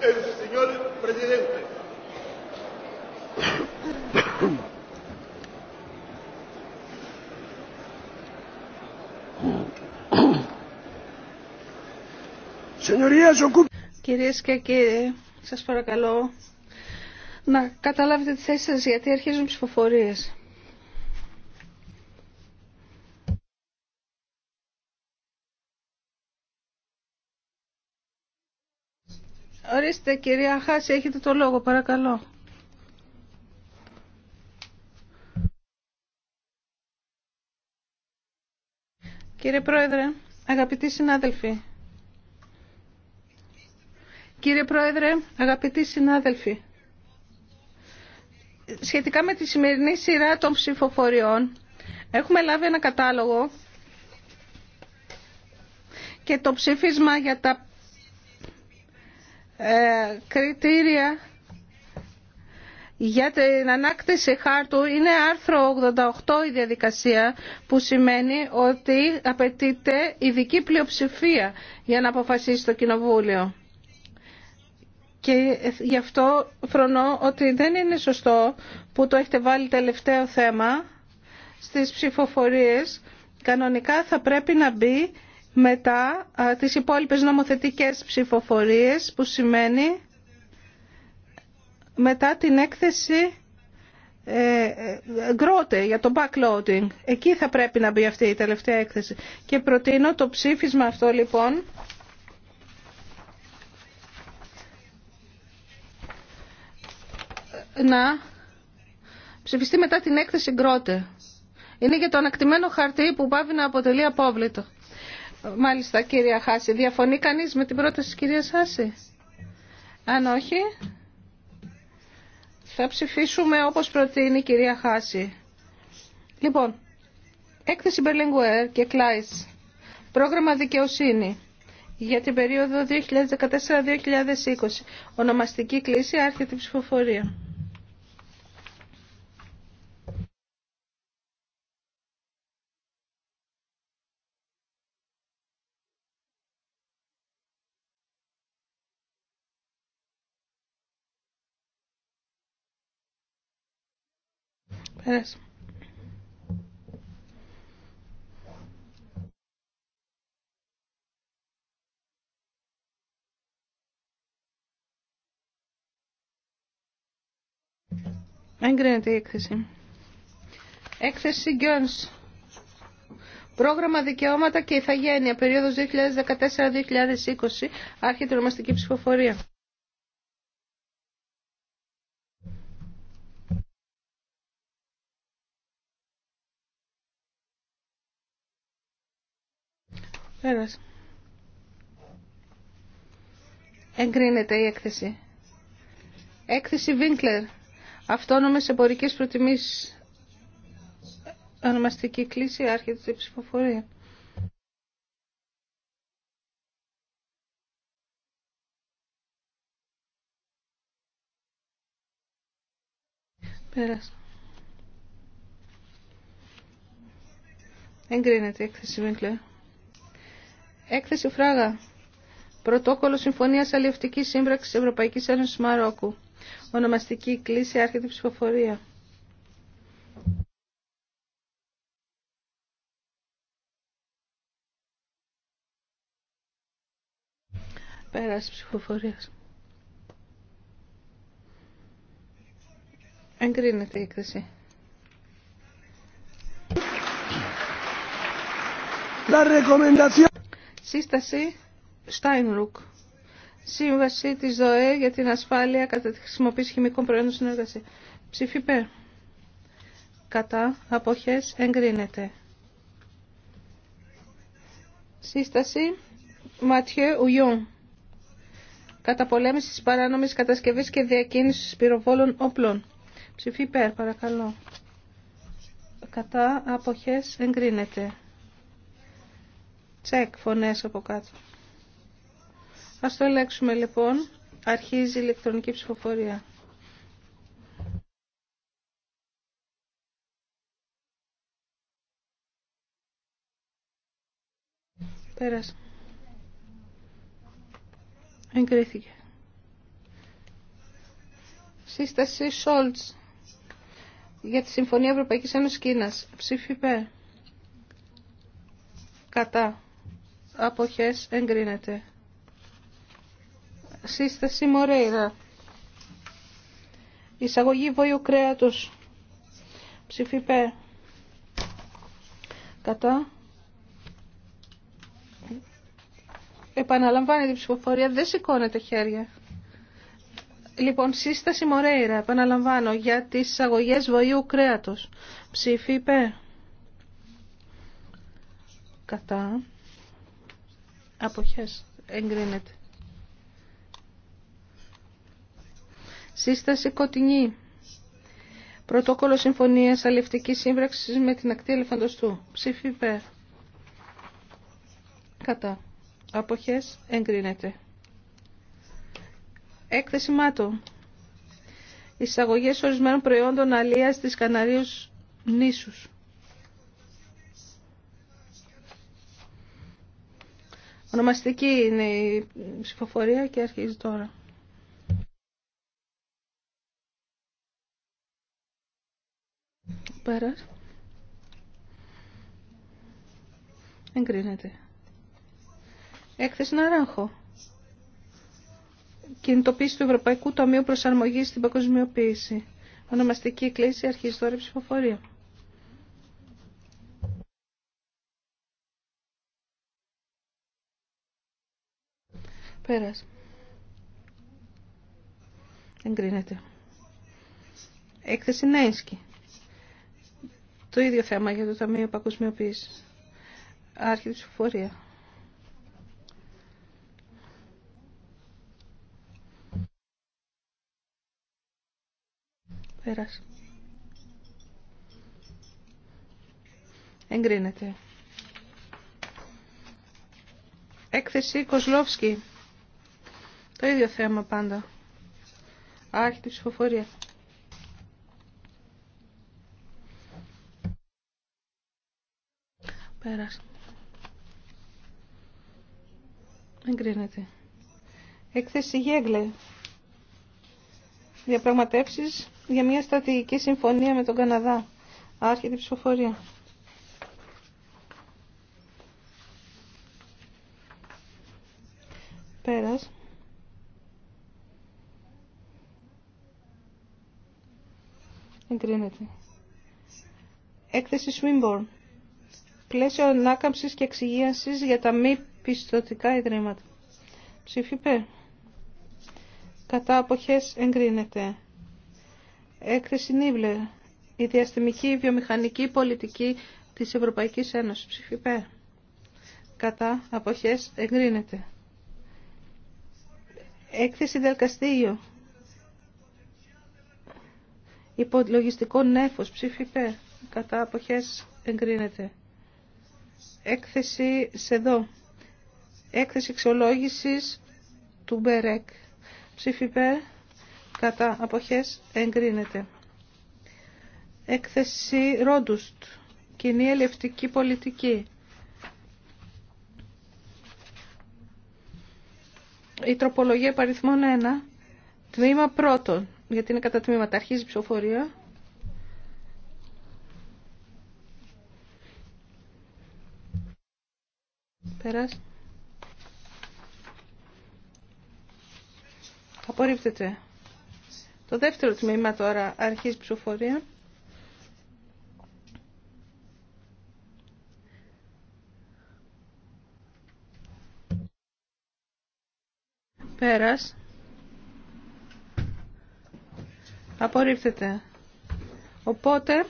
El Κυρίες και κύριοι, σας παρακαλώ να καταλάβετε τη θέση σας γιατί αρχίζουν ψηφοφορίες. Ορίστε, κυρία Χάση, έχετε το λόγο, παρακαλώ. Κύριε Πρόεδρε, αγαπητοί συνάδελφοι. Κύριε Πρόεδρε, αγαπητοί συνάδελφοι. Σχετικά με τη σημερινή σειρά των ψηφοφοριών, έχουμε λάβει ένα κατάλογο και το ψήφισμα για τα ε, κριτήρια για την ανάκτηση χάρτου είναι άρθρο 88 η διαδικασία που σημαίνει ότι απαιτείται ειδική πλειοψηφία για να αποφασίσει το Κοινοβούλιο. Και γι' αυτό φρονώ ότι δεν είναι σωστό που το έχετε βάλει τελευταίο θέμα στις ψηφοφορίες. Κανονικά θα πρέπει να μπει μετά τις υπόλοιπες νομοθετικές ψηφοφορίες που σημαίνει μετά την έκθεση γκρότε ε, για το backloading. Εκεί θα πρέπει να μπει αυτή η τελευταία έκθεση. Και προτείνω το ψήφισμα αυτό λοιπόν να ψηφιστεί μετά την έκθεση γκρότε. Είναι για το ανακτημένο χαρτί που πάβει να αποτελεί απόβλητο. Μάλιστα, κυρία Χάση. Διαφωνεί κανείς με την πρόταση της κυρίας Χάση. Αν όχι, θα ψηφίσουμε όπως προτείνει η κυρία Χάση. Λοιπόν, έκθεση Berlinguer και Κλάις. Πρόγραμμα δικαιοσύνη για την περίοδο 2014-2020. Ονομαστική κλίση, άρχεται η ψηφοφορία. Πέρασε. Εγκρίνεται η έκθεση. Έκθεση Γκιόνς. Πρόγραμμα Δικαιώματα και Ιθαγένεια, περίοδος 2014-2020, άρχεται ονομαστική ψηφοφορία. Πέρας. Εγκρίνεται η έκθεση. Έκθεση Βίνκλερ. Αυτόνομες εμπορικές προτιμήσεις. Ονομαστική κλίση άρχεται η ψηφοφορία. Πέρας. Εγκρίνεται η έκθεση Βίνκλερ. Έκθεση Φράγα. Πρωτόκολλο Συμφωνία Αλληλευτική Σύμπραξη Ευρωπαϊκή Ένωση Μαρόκου. Ονομαστική κλίση άρχεται ψηφοφορία. Πέραση ψηφοφορία. Εγκρίνεται η έκθεση. La recomendación. Σύσταση Steinruck. Σύμβαση της ΔΟΕ για την ασφάλεια κατά τη χρησιμοποίηση χημικών προϊόντων στην εργασία. Ψήφι Κατά αποχές εγκρίνεται. Σύσταση Ματιέ Ουγιόν. Καταπολέμηση τη παράνομης κατασκευής και διακίνησης πυροβόλων όπλων. Ψηφί υπέρ, παρακαλώ. Κατά αποχές εγκρίνεται. Τσεκ, φωνές από κάτω. Ας το ελέγξουμε λοιπόν. Αρχίζει η ηλεκτρονική ψηφοφορία. Πέρασε. Εγκρίθηκε. Σύσταση Σόλτς για τη Συμφωνία Ευρωπαϊκής Ένωσης Κίνας. Ψήφι Κατά αποχές εγκρίνεται. Σύσταση Μορέιρα. Εισαγωγή βοιου κρέατος. Ψηφίπε. Κατά. Επαναλαμβάνει η ψηφοφορία. Δεν σηκώνεται χέρια. Λοιπόν, σύσταση Μορέιρα, επαναλαμβάνω, για τις εισαγωγές βοηού κρέατος. Ψήφι Κατά. Αποχές. Εγκρίνεται. Σύσταση Κοτινή. Πρωτόκολλο Συμφωνίας Αλληλευτικής Σύμβραξης με την ακτή Ελεφαντοστού. Ψήφι υπέρ. Κατά. Αποχές. Εγκρίνεται. Έκθεση ΜΑΤΟ. Εισαγωγές ορισμένων προϊόντων αλίας της Καναρίους νήσους. Ονομαστική είναι η ψηφοφορία και αρχίζει τώρα. Πέρας. Εγκρίνεται. Έκθεση να ράχω. Κινητοποίηση του Ευρωπαϊκού Ταμείου Προσαρμογής στην Παγκοσμιοποίηση. Ονομαστική κλίση αρχίζει τώρα η ψηφοφορία. Πέρας. Εγκρίνεται. Έκθεση Νέισκι. Το ίδιο θέμα για το Ταμείο Παγκοσμιοποίησης. Άρχη της ψηφοφορία. Πέρας. Εγκρίνεται. Έκθεση Κοσλόφσκι. Το ίδιο θέμα πάντα. τη ψηφοφορία. Πέρασε. Εγκρίνεται. Έκθεση Γέγλε. Διαπραγματεύσεις για μια στρατηγική συμφωνία με τον Καναδά. η ψηφοφορία. Εγκρίνεται. Έκθεση Swimborn Πλαίσιο ανάκαμψης και εξυγίασης για τα μη πιστωτικά ιδρύματα. Ψήφι Κατά αποχές εγκρίνεται. Έκθεση νίβλε. Η διαστημική βιομηχανική πολιτική της Ευρωπαϊκής Ένωσης. Ψήφι Κατά αποχές εγκρίνεται. Έκθεση Δελκαστήγιο. Υπολογιστικό νέφος ψήφι Κατά αποχές εγκρίνεται. Έκθεση σε εδώ. Έκθεση εξολόγησης του Μπερέκ. Ψήφι Κατά αποχές εγκρίνεται. Έκθεση Ρόντουστ. Κοινή ελευτική πολιτική. Η τροπολογία παριθμών 1. Τμήμα πρώτον γιατί είναι κατά τμήματα. Αρχίζει η ψηφοφορία. Πέρας. Απορρίπτεται. Το δεύτερο τμήμα τώρα αρχίζει ψηφοφορία. Πέρας. Απορρίπτεται. Οπότε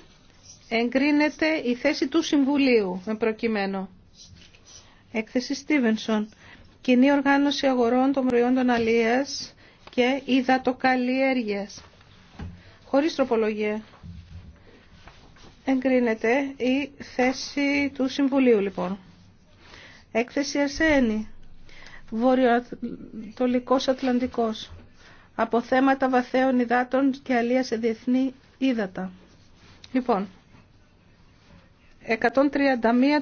εγκρίνεται η θέση του Συμβουλίου, με προκειμένο. Έκθεση Στίβενσον. Κοινή οργάνωση αγορών των προϊόντων αλίας και υδατοκαλλιέργειας. Χωρίς τροπολογία. Εγκρίνεται η θέση του Συμβουλίου, λοιπόν. Έκθεση Αρσένη. Βορειοατολικός Ατλαντικός από θέματα βαθαίων υδάτων και αλία σε διεθνή ύδατα. Λοιπόν, 131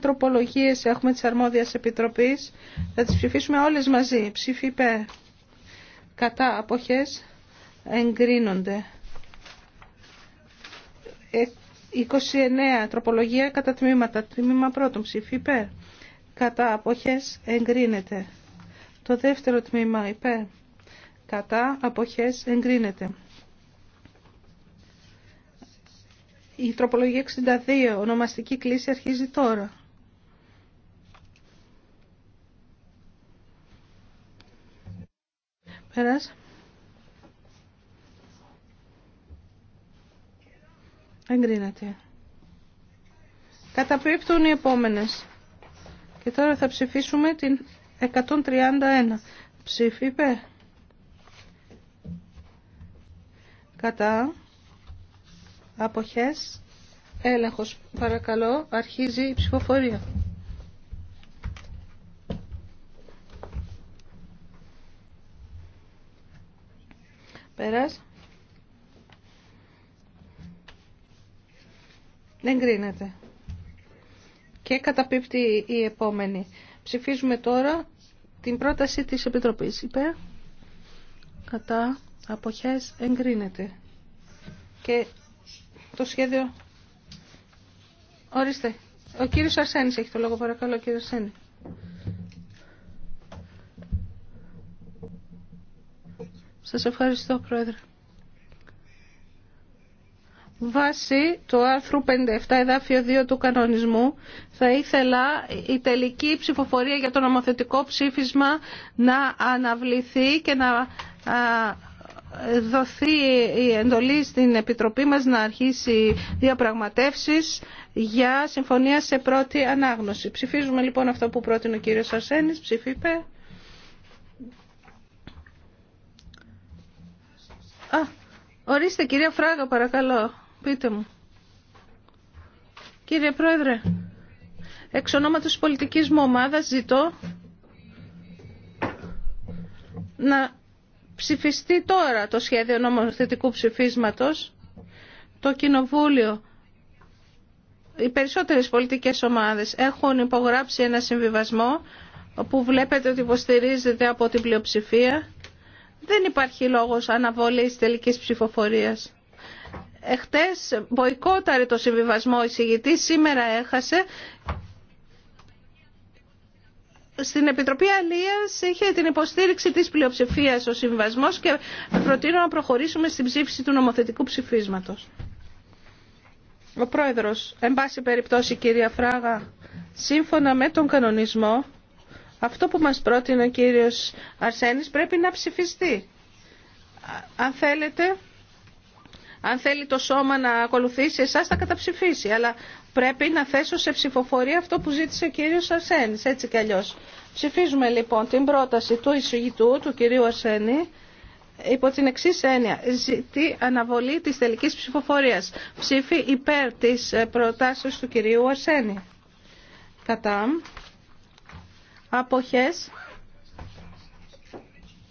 τροπολογίες έχουμε της αρμόδιας επιτροπής. Θα τις ψηφίσουμε όλες μαζί. Ψήφι υπέρ. Κατά αποχές εγκρίνονται. 29 ε, τροπολογία κατά τμήματα. Τμήμα πρώτον ψήφι υπέρ. Κατά αποχές εγκρίνεται. Το δεύτερο τμήμα υπέρ κατά αποχές εγκρίνεται. Η τροπολογία 62, ονομαστική κλίση αρχίζει τώρα. Πέρας. Εγκρίνεται. Καταπίπτουν οι επόμενες. Και τώρα θα ψηφίσουμε την 131. Ψήφιπε... κατά αποχές έλεγχος παρακαλώ αρχίζει η ψηφοφορία πέρας δεν κρίνεται και καταπίπτει η επόμενη ψηφίζουμε τώρα την πρόταση της Επιτροπής Υπέ. κατά αποχές εγκρίνεται. Και το σχέδιο... Ορίστε. Ο κύριος Αρσένης έχει το λόγο, παρακαλώ, κύριε Αρσένη. Σας ευχαριστώ, Πρόεδρε. Βάσει το άρθρο 57 εδάφιο 2 του κανονισμού θα ήθελα η τελική ψηφοφορία για το νομοθετικό ψήφισμα να αναβληθεί και να δοθεί η εντολή στην Επιτροπή μας να αρχίσει διαπραγματεύσεις για συμφωνία σε πρώτη ανάγνωση. Ψηφίζουμε λοιπόν αυτό που πρότεινε ο κύριος Αρσένης. Ψηφίπε. Α, ορίστε κυρία Φράγα παρακαλώ. Πείτε μου. Κύριε Πρόεδρε, εξ ονόματος πολιτικής μου ομάδας ζητώ να ψηφιστεί τώρα το σχέδιο νομοθετικού ψηφίσματος. Το Κοινοβούλιο, οι περισσότερες πολιτικές ομάδες έχουν υπογράψει ένα συμβιβασμό που βλέπετε ότι υποστηρίζεται από την πλειοψηφία. Δεν υπάρχει λόγος αναβολής τελικής ψηφοφορίας. Εχθές μποϊκόταρε το συμβιβασμό εισηγητή, σήμερα έχασε στην Επιτροπή Αλίας είχε την υποστήριξη της πλειοψηφίας ο συμβασμός και προτείνω να προχωρήσουμε στην ψήφιση του νομοθετικού ψηφίσματος. Ο Πρόεδρος, εν πάση περιπτώσει κυρία Φράγα, σύμφωνα με τον κανονισμό, αυτό που μας πρότεινε ο κύριος Αρσένης πρέπει να ψηφιστεί. Αν θέλετε, αν θέλει το σώμα να ακολουθήσει εσά θα καταψηφίσει. Αλλά πρέπει να θέσω σε ψηφοφορία αυτό που ζήτησε ο κύριο Αρσένης, έτσι κι αλλιώ. Ψηφίζουμε λοιπόν την πρόταση του εισηγητού, του κυρίου Αρσένη, υπό την εξή έννοια. Ζητεί αναβολή της τελικής ψηφοφορίας. Ψήφι υπέρ τη προτάσεω του κυρίου Αρσένη. Κατά. Αποχές.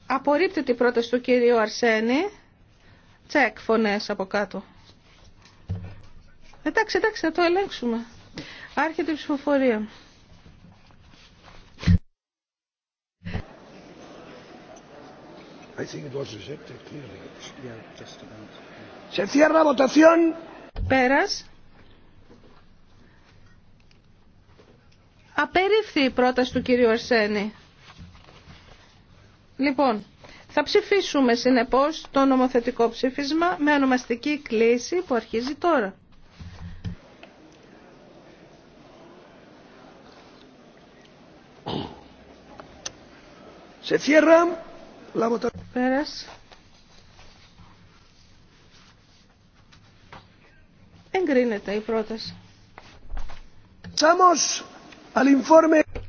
Απορρίπτεται την πρόταση του κυρίου Αρσένη. Τσεκ φωνές από κάτω. Εντάξει, εντάξει, θα το ελέγξουμε. Άρχεται η ψηφοφορία. I think Πέρας. Απερίφθη η πρόταση του κυρίου Αρσένη. Λοιπόν, θα ψηφίσουμε συνεπώς το νομοθετικό ψήφισμα με ονομαστική κλίση που αρχίζει τώρα. Σε Εγκρίνεται η πρόταση.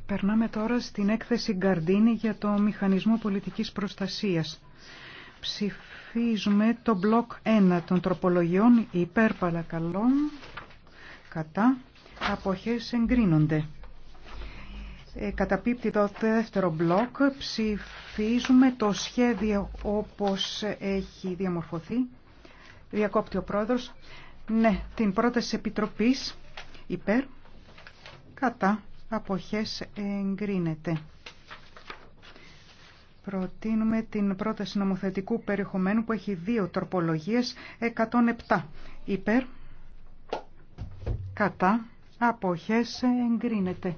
Περνάμε τώρα στην έκθεση Γκαρντίνη για το Μηχανισμό Πολιτικής Προστασίας. Ψηφίζουμε το μπλοκ 1 των τροπολογιών υπέρ παρακαλών κατά, αποχές εγκρίνονται. Ε, καταπίπτει το δεύτερο μπλοκ, ψηφίζουμε το σχέδιο όπως έχει διαμορφωθεί. Διακόπτει ο πρόεδρος. Ναι, την πρόταση επιτροπής υπέρ, κατά, αποχές εγκρίνεται. Προτείνουμε την πρόταση νομοθετικού περιεχομένου που έχει δύο τροπολογίες, 107 υπέρ, κατά, αποχές εγκρίνεται.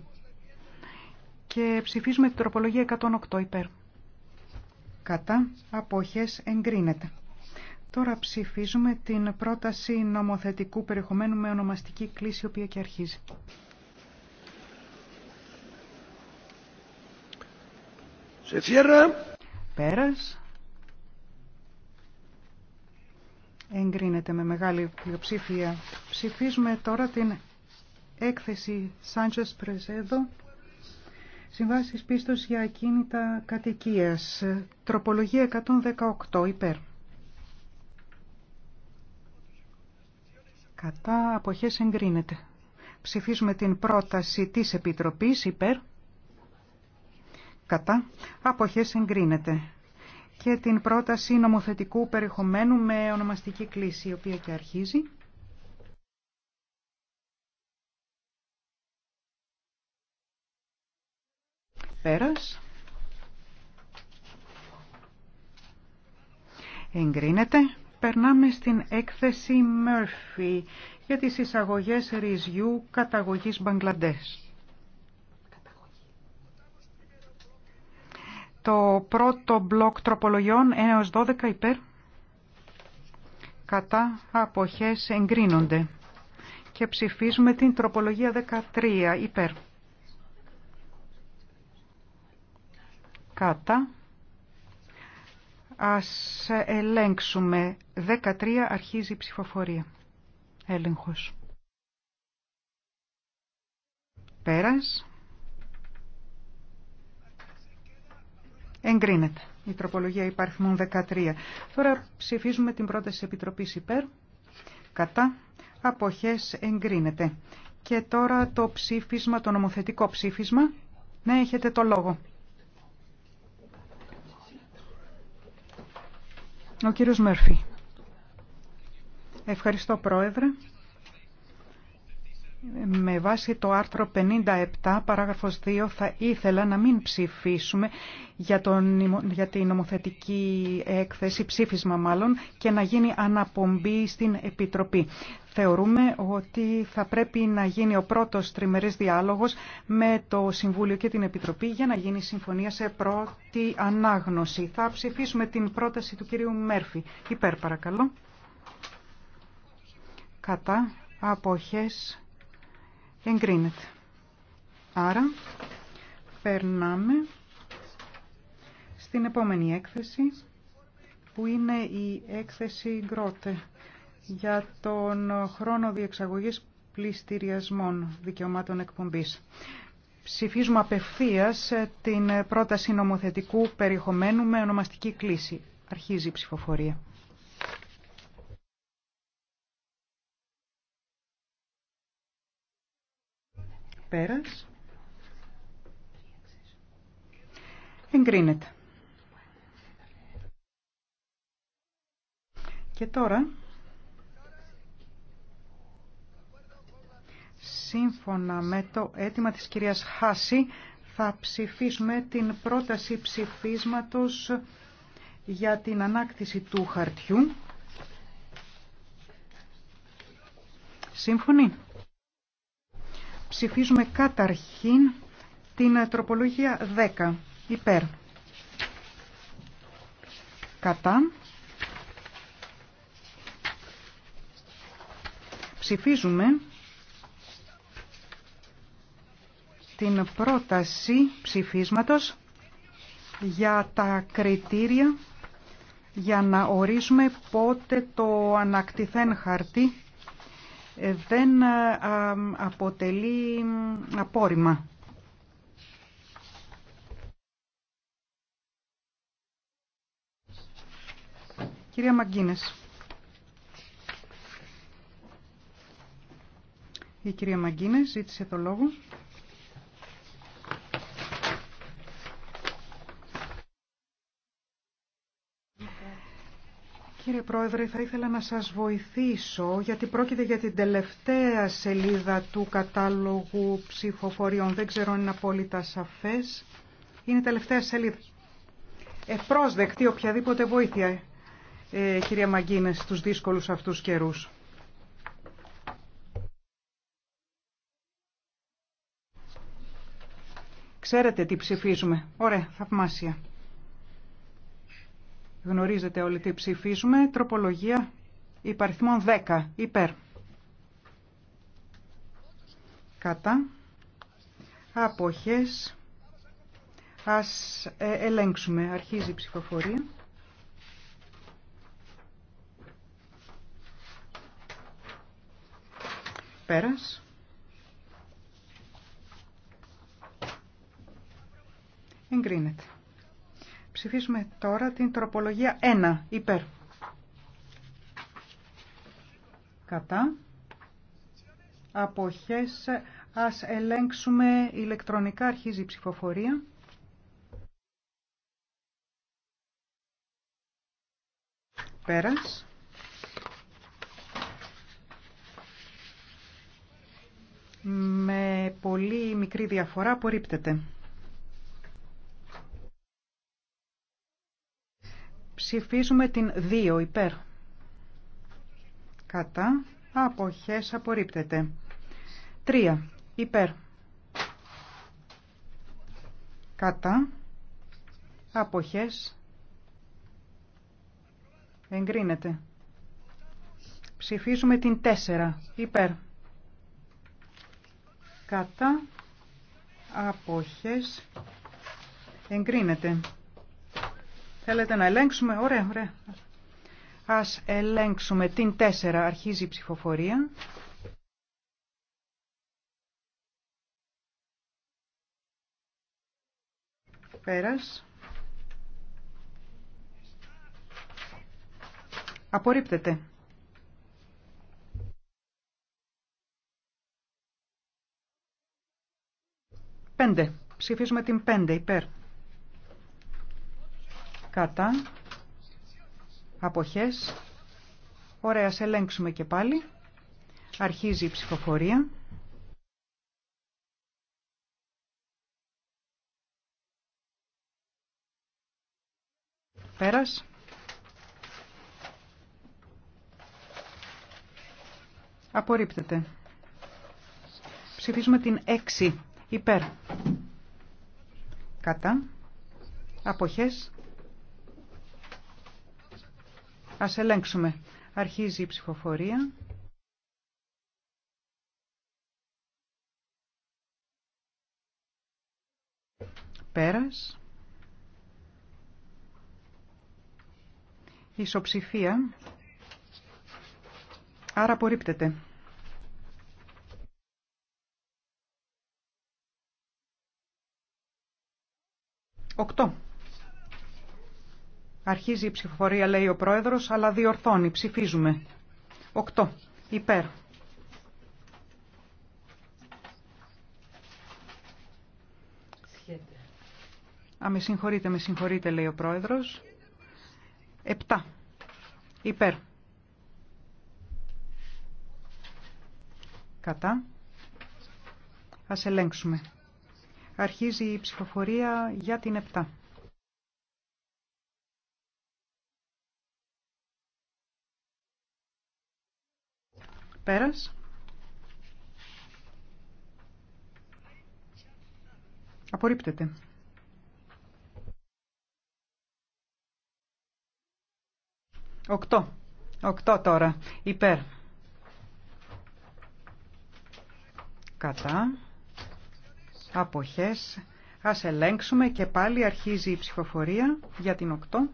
Και ψηφίζουμε την τροπολογία 108 υπέρ. Κατά, αποχές εγκρίνεται. Τώρα ψηφίζουμε την πρόταση νομοθετικού περιεχομένου με ονομαστική κλίση, η οποία και αρχίζει. Σε Πέρας. Εγκρίνεται με μεγάλη πλειοψήφια. Ψηφίζουμε τώρα την έκθεση Σάντσες Πρεζέδο. Συμβάσεις πίστος για ακίνητα κατοικίας. Τροπολογία 118 υπέρ. Κατά αποχές εγκρίνεται. Ψηφίζουμε την πρόταση της Επιτροπής υπέρ κατά, αποχές εγκρίνεται. Και την πρόταση νομοθετικού περιεχομένου με ονομαστική κλίση, η οποία και αρχίζει. Πέρας. Εγκρίνεται. Περνάμε στην έκθεση Murphy για τις εισαγωγές ρυζιού καταγωγής Μπαγκλαντές. Το πρώτο μπλοκ τροπολογιών 1 έως 12 υπέρ κατά αποχές εγκρίνονται. Και ψηφίζουμε την τροπολογία 13 υπέρ. Κατά. Ας ελέγξουμε. 13 αρχίζει η ψηφοφορία. Έλεγχος. Πέρας. Εγκρίνεται. Η τροπολογία υπάρχουν 13. Τώρα ψηφίζουμε την πρόταση Επιτροπής υπέρ. Κατά. Αποχές εγκρίνεται. Και τώρα το ψήφισμα, το νομοθετικό ψήφισμα. Ναι, έχετε το λόγο. Ο κύριος Μέρφυ. Ευχαριστώ, Πρόεδρε με βάση το άρθρο 57 παράγραφος 2 θα ήθελα να μην ψηφίσουμε για, τον, για την νομοθετική έκθεση, ψήφισμα μάλλον, και να γίνει αναπομπή στην Επιτροπή. Θεωρούμε ότι θα πρέπει να γίνει ο πρώτος τριμερής διάλογος με το Συμβούλιο και την Επιτροπή για να γίνει συμφωνία σε πρώτη ανάγνωση. Θα ψηφίσουμε την πρόταση του κυρίου Μέρφη. Υπέρ παρακαλώ. Κατά. Αποχές Εγκρίνεται. Άρα, περνάμε στην επόμενη έκθεση, που είναι η έκθεση Γκρότε για τον χρόνο διεξαγωγής πληστηριασμών δικαιωμάτων εκπομπής. Ψηφίζουμε απευθείας την πρόταση νομοθετικού περιεχομένου με ονομαστική κλίση. Αρχίζει η ψηφοφορία. Πέρας. Εγκρίνεται. Και τώρα, σύμφωνα με το αίτημα της κυρίας Χάση, θα ψηφίσουμε την πρόταση ψηφίσματος για την ανάκτηση του χαρτιού. Σύμφωνοι. Ψηφίζουμε καταρχήν την ε, τροπολογία 10. Υπέρ. Κατά. Ψηφίζουμε την πρόταση ψηφίσματος για τα κριτήρια για να ορίσουμε πότε το ανακτηθέν χαρτί ε, δεν ε, αποτελεί απόρριμα. Κυρία Μαγκίνες. Η κυρία Μαγκίνες ζήτησε το λόγο. Κύριε Πρόεδρε, θα ήθελα να σας βοηθήσω γιατί πρόκειται για την τελευταία σελίδα του κατάλογου ψηφοφοριών. Δεν ξέρω αν είναι απόλυτα σαφές. Είναι τελευταία σελίδα. Ευπρόσδεκτη οποιαδήποτε βοήθεια, ε, κυρία Μαγκίνες, στους δύσκολους αυτούς καιρούς. Ξέρετε τι ψηφίζουμε. Ωραία, θαυμάσια. Γνωρίζετε όλοι τι ψηφίζουμε. Τροπολογία υπαριθμών 10. Υπέρ. Κατά. Αποχές. Ας ε, ελέγξουμε. Αρχίζει η ψηφοφορία. Πέρας. Εγκρίνεται ψηφίσουμε τώρα την τροπολογία 1 υπέρ. Κατά. Αποχές. Ας ελέγξουμε ηλεκτρονικά αρχίζει η ψηφοφορία. Πέρας. Με πολύ μικρή διαφορά απορρίπτεται. Ψηφίζουμε την 2 υπέρ. Κατά. Αποχές απορρίπτεται. 3 υπέρ. Κατά. Αποχές. Εγκρίνεται. Ψηφίζουμε την 4 υπέρ. Κατά. Αποχές. Εγκρίνεται. Θέλετε να ελέγξουμε. Ωραία, ωραία. Ας ελέγξουμε την 4. Αρχίζει η ψηφοφορία. Πέρας. Απορρίπτεται. Πέντε. Ψηφίζουμε την πέντε υπέρ κατά, αποχές. Ωραία, σε ελέγξουμε και πάλι. Αρχίζει η ψηφοφορία. Πέρας. Απορρίπτεται. Ψηφίζουμε την 6. Υπέρ. Κατά. Αποχές. Ας ελέγξουμε. Αρχίζει η ψηφοφορία. Πέρας. Ισοψηφία. Άρα απορρίπτεται. Οκτώ. Αρχίζει η ψηφοφορία, λέει ο πρόεδρος, αλλά διορθώνει. Ψηφίζουμε. 8. Υπέρ. Α, με συγχωρείτε, με συγχωρείτε, λέει ο πρόεδρος. 7. Υπέρ. Κατά. Ας ελέγξουμε. Αρχίζει η ψηφοφορία για την 7. Πέρας. Απορρίπτεται. Οκτώ. Οκτώ τώρα. Υπέρ. Κατά. Αποχές. Ας ελέγξουμε και πάλι αρχίζει η ψηφοφορία για την οκτώ.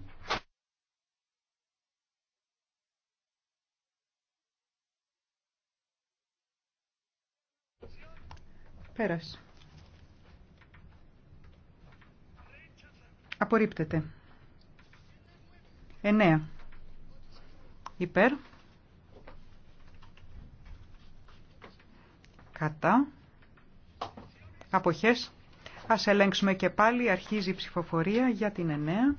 Πέρας. Απορρίπτεται. 9. Υπέρ. Κατά. Αποχές. Ας ελέγξουμε και πάλι. Αρχίζει η ψηφοφορία για την 9.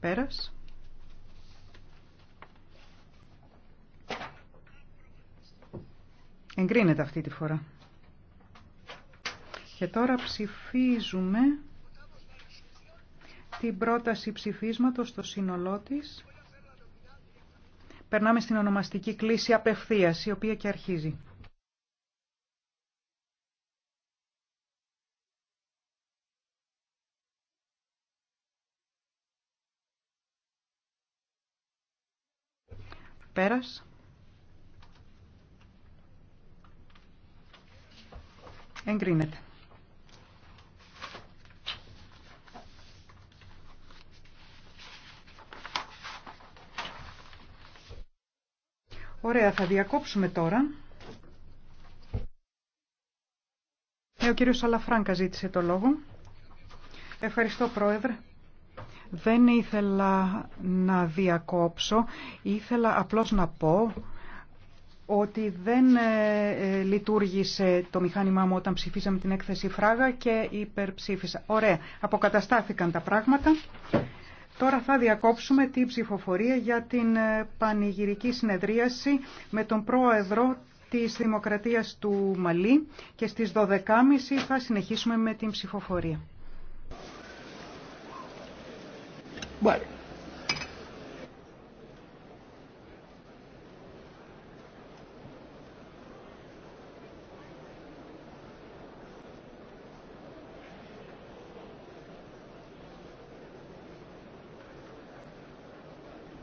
Πέρας. Εγκρίνεται αυτή τη φορά. Και τώρα ψηφίζουμε την πρόταση ψηφίσματος στο σύνολό της. Περνάμε στην ονομαστική κλίση απευθείας, η οποία και αρχίζει. Πέρας. Εγκρίνεται. Ωραία, θα διακόψουμε τώρα. Ε, ο κύριος Αλαφράνκα ζήτησε το λόγο. Ευχαριστώ, Πρόεδρε. Δεν ήθελα να διακόψω, ήθελα απλώς να πω ότι δεν ε, ε, λειτουργήσε το μηχάνημά μου όταν ψηφίσαμε την έκθεση Φράγα και υπερψήφισα. Ωραία, αποκαταστάθηκαν τα πράγματα. Τώρα θα διακόψουμε την ψηφοφορία για την ε, πανηγυρική συνεδρίαση με τον πρόεδρο της Δημοκρατίας του Μαλή και στις 12.30 θα συνεχίσουμε με την ψηφοφορία.